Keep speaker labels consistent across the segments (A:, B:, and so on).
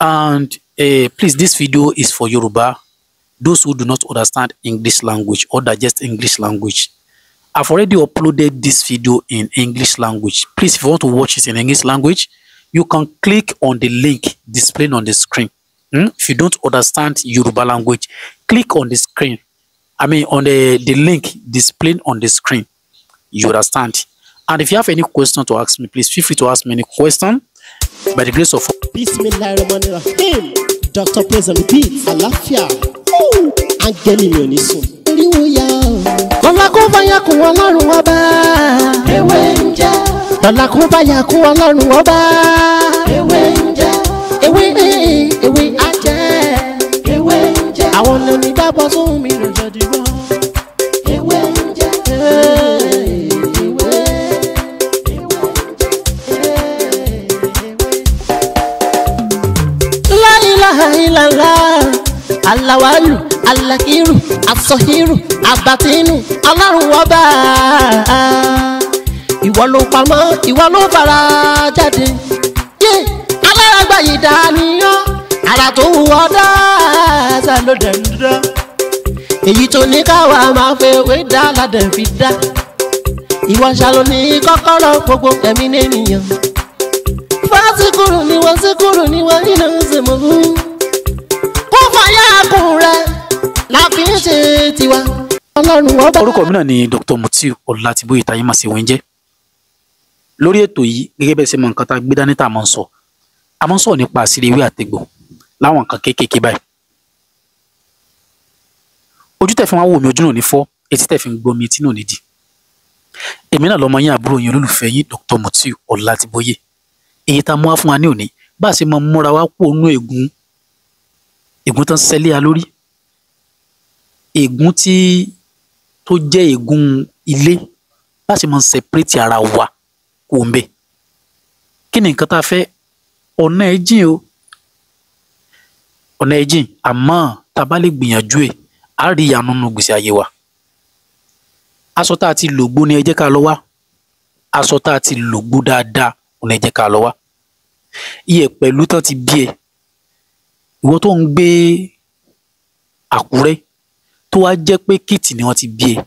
A: and uh, please this video is for yoruba those who do not understand english language or digest english language i've already uploaded this video in english language please if you want to watch it in english language you can click on the link displayed on the screen hmm? if you don't understand yoruba language click on the screen i mean on the the link displayed on the screen you understand and if you have any question to ask me please feel free to ask me any question by the grace of God.
B: Bismillahirrahmanirrahim. Dr. Praise and Repeat. Àlàáfíà. Áńgẹ́lì mi ò ní sùn. Oríwo yá o. Lọ́lá kó bá yà kún ọlọ́run ọba. Ewé ń jẹ́. Lọ́lá kó bá yà kún ọlọ́run ọba. Ewé ń jẹ́. Ewé ewé á jẹ́. Ewé ń jẹ́. Àwọn lè ní dábọ̀ sóhun mi lọ́jọ́ dìbò. ilaha illallah alawalu alakiru asọhiru abatinu ọlọ́run ọba ìwọ ló pamọ́ ìwọ ló fara jáde yé alárágbá yìí dániyàn ara tó wù ọ́ dáadáa ló dẹ̀ ń dá èyí tó ní káwa máa fẹ́ wé dá ládẹ̀ fi dá ìwọ ṣàlò ní kọ́kọ́rọ́ gbogbo ẹ̀mí nínìyàn fásikúrú ni wọ́n síkúrú ni wọ́n nínú ṣèmọ̀gún.
A: dókítà orúkọ mi náà ni Dr Mutiu Ọlátíbóyè táyé máa ṣe wọn jẹ lórí ètò yìí gẹ́gẹ́ bẹ́ẹ̀ ṣe mọ nǹkan tá a gbé dání tá a máa ń sọ a máa ń sọ nípa àṣírí ewé àtegbò láwọn nǹkan kéékèèké báyìí ojú tẹ̀ fi wọn wò mí ojú náà ní fọ́ etí tẹ̀ fi ń gbọ́ mi etí náà ní èmi náà lọ́mọ yín àbúrò yín olólùfẹ́ yín Dr Mutiu Ọlátíbóyè èyí tá a mú wá fún wa ní òní bá a ṣe tó jẹ́ ègún ilé láti máa separate ara wa kúrò ń bẹ̀ kí ni nǹkan tá a fẹ́ ọ̀nà ẹ̀ jìn o ọ̀nà ẹ̀ jìn àmọ́ tá a bá lè gbìyànjú ẹ̀ á rí ìyanu nínú gbèsè ayé wa aṣọ tá a ti lò gbó ni ẹ jẹ́ ká lọ wá aṣọ tá a ti lò gbó dáadáa ọ̀nà ẹ jẹ́ ká lọ wá iye pẹ̀lú tán ti bí ẹ ìwọ tó ń gbé Àkúrẹ́ tó wá jẹ́ pé kìtì ni wọ́n ti bí ẹ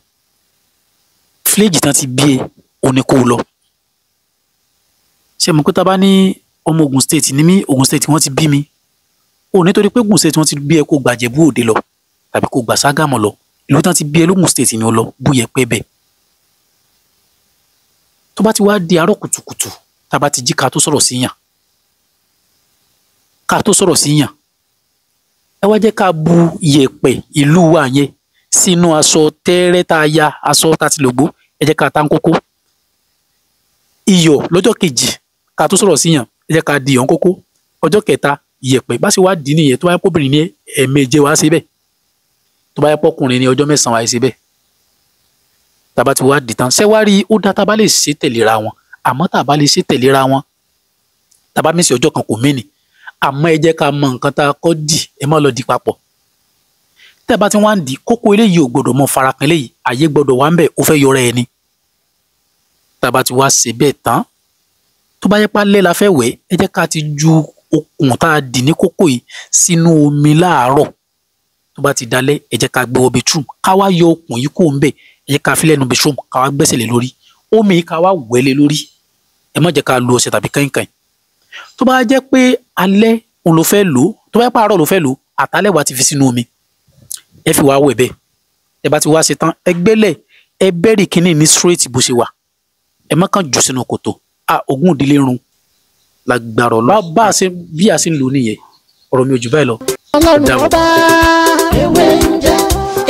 A: fíléèjì tán ti bí ẹ òun ni kò lọ ṣe mọ̀ pé tá a bá ní ọmọ Ògùn state ni mí Ògùn state wọ́n ti bí mi òun nítorí pé Ògùn state wọ́n ti bí ẹ kó gbà Jẹ̀bú Òde lọ tàbí kó gbà Ságàmọ̀ lọ ìlú tán ti bí ẹ lógùn state ni ó lọ bú yẹ pẹ́ bẹ́ẹ̀ tó bá ti wá di àárọ̀ kùtùkùtù tá a bá ti jí ká tó sọ̀rọ̀ sí yàn ká tó sọ̀rọ̀ sí yàn ẹ wá jẹ́ ká bu yẹ̀pẹ̀ ìlú wa yẹn sínú aṣọ tẹ́ẹ́rẹ́ tá a ya aṣọ tá a ti lògbó ẹ jẹ́ ká ta ń kókó iyọ̀ lọ́jọ́ kejì ká tó sọ̀rọ̀ síyàn ẹ jẹ́ ká di ìyàn kókó ọjọ́ kẹta ìyẹ̀pẹ̀ bá sì wá dì í nìyẹn tó bá yẹ kóbìnrin ní ẹ̀ẹ̀méje wá sí bẹ́ẹ̀ tó bá yẹ pọ́kùnrin ní ọjọ́ mẹ́sàn-án wá sí bẹ́ẹ̀ tàbá ti wá dì tán ṣé wàá ó dá tàbá lè ṣe tẹ̀léra wọn àmọ́ tàbá lè ṣe tẹ̀léra wọn tàbá mí ọjọ́ kan kò mí ni àmọ́ ẹ jẹ́ ká mọ nǹkan tá a kọ́ dì ẹ má lọ di papọ̀ tẹ́ bá ti wá di kókó eléyìí ò gbọ́dọ̀ mọ farapin eléyìí àyè gbọ́dọ̀ wà ń bẹ̀ ó fẹ́ yọra ẹni tá a bá ti wá ṣe bẹ́ẹ̀ tán tó bá yẹ pa lẹ́ la fẹ́ wẹ̀ ẹ jẹ́ ká ti ju okùn tá a dì ní kókó yìí sínú omi láàárọ̀ tó bá ti dalẹ̀ ẹ jẹ́ ká gbé wọ bẹtrum ká wá yọ okùn yìí kó ń bẹ̀ ẹ jẹ́ ká fi lẹ́nu bẹtrum ká wá gbẹ́sẹ̀ lé lórí omi ká wá wẹ̀ lórí ẹ má jẹ́ ká lu ọṣẹ tàbí kànkàn tó bá jẹ́ pé alẹ́ òun ló fẹ́ lò tó bá yẹ pa àárọ̀ ló fẹ́ lò àtàlẹ́ wa ti fi sínú omi ẹ fi wá wẹ̀ bẹ́ẹ̀ ẹ bá ti wá ṣe tán ẹ gbélẹ̀ ẹ bẹ́rì kínní ní straight bó ṣe wà ẹ má kàn jù sínú kòtò a ogún ìdílé run lágbára ọlọ. bá a ṣe bí a ṣe ń lò nìyẹn ọ̀rọ̀ mi ò jù báyìí lọ. ọlọ́run ọba
B: ewé ń jẹ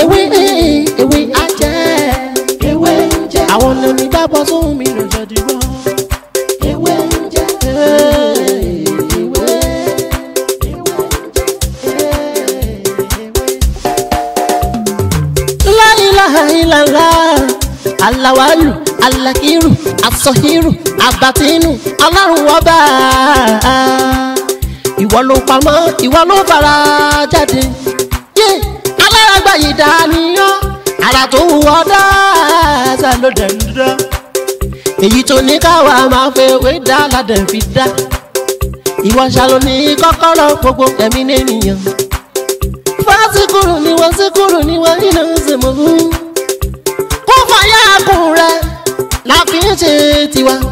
B: ewé ewé ajẹ́ ewé ń jẹ àwọn lèmi bá bọ́ sómi. ilaha illallah alawalu alakiru asọhiru abatinu ọlọ́run ọba ìwọ ló pamọ́ ìwọ ló fara jáde yé alárágbá yìí dániyàn ara tó wù ọ́ dáadáa ló dẹ̀ ń dá èyí tó ní káwa máa fẹ́ wé dá ládẹ̀ fi dá ìwọ ṣàlò ní kọ́kọ́rọ́ gbogbo ẹ̀mí nìyẹn fásikúrú ni wọ́n síkúrú ni wọ́n yìí ti mú kó fàyà kù rẹ̀ la ń ṣe tiwa.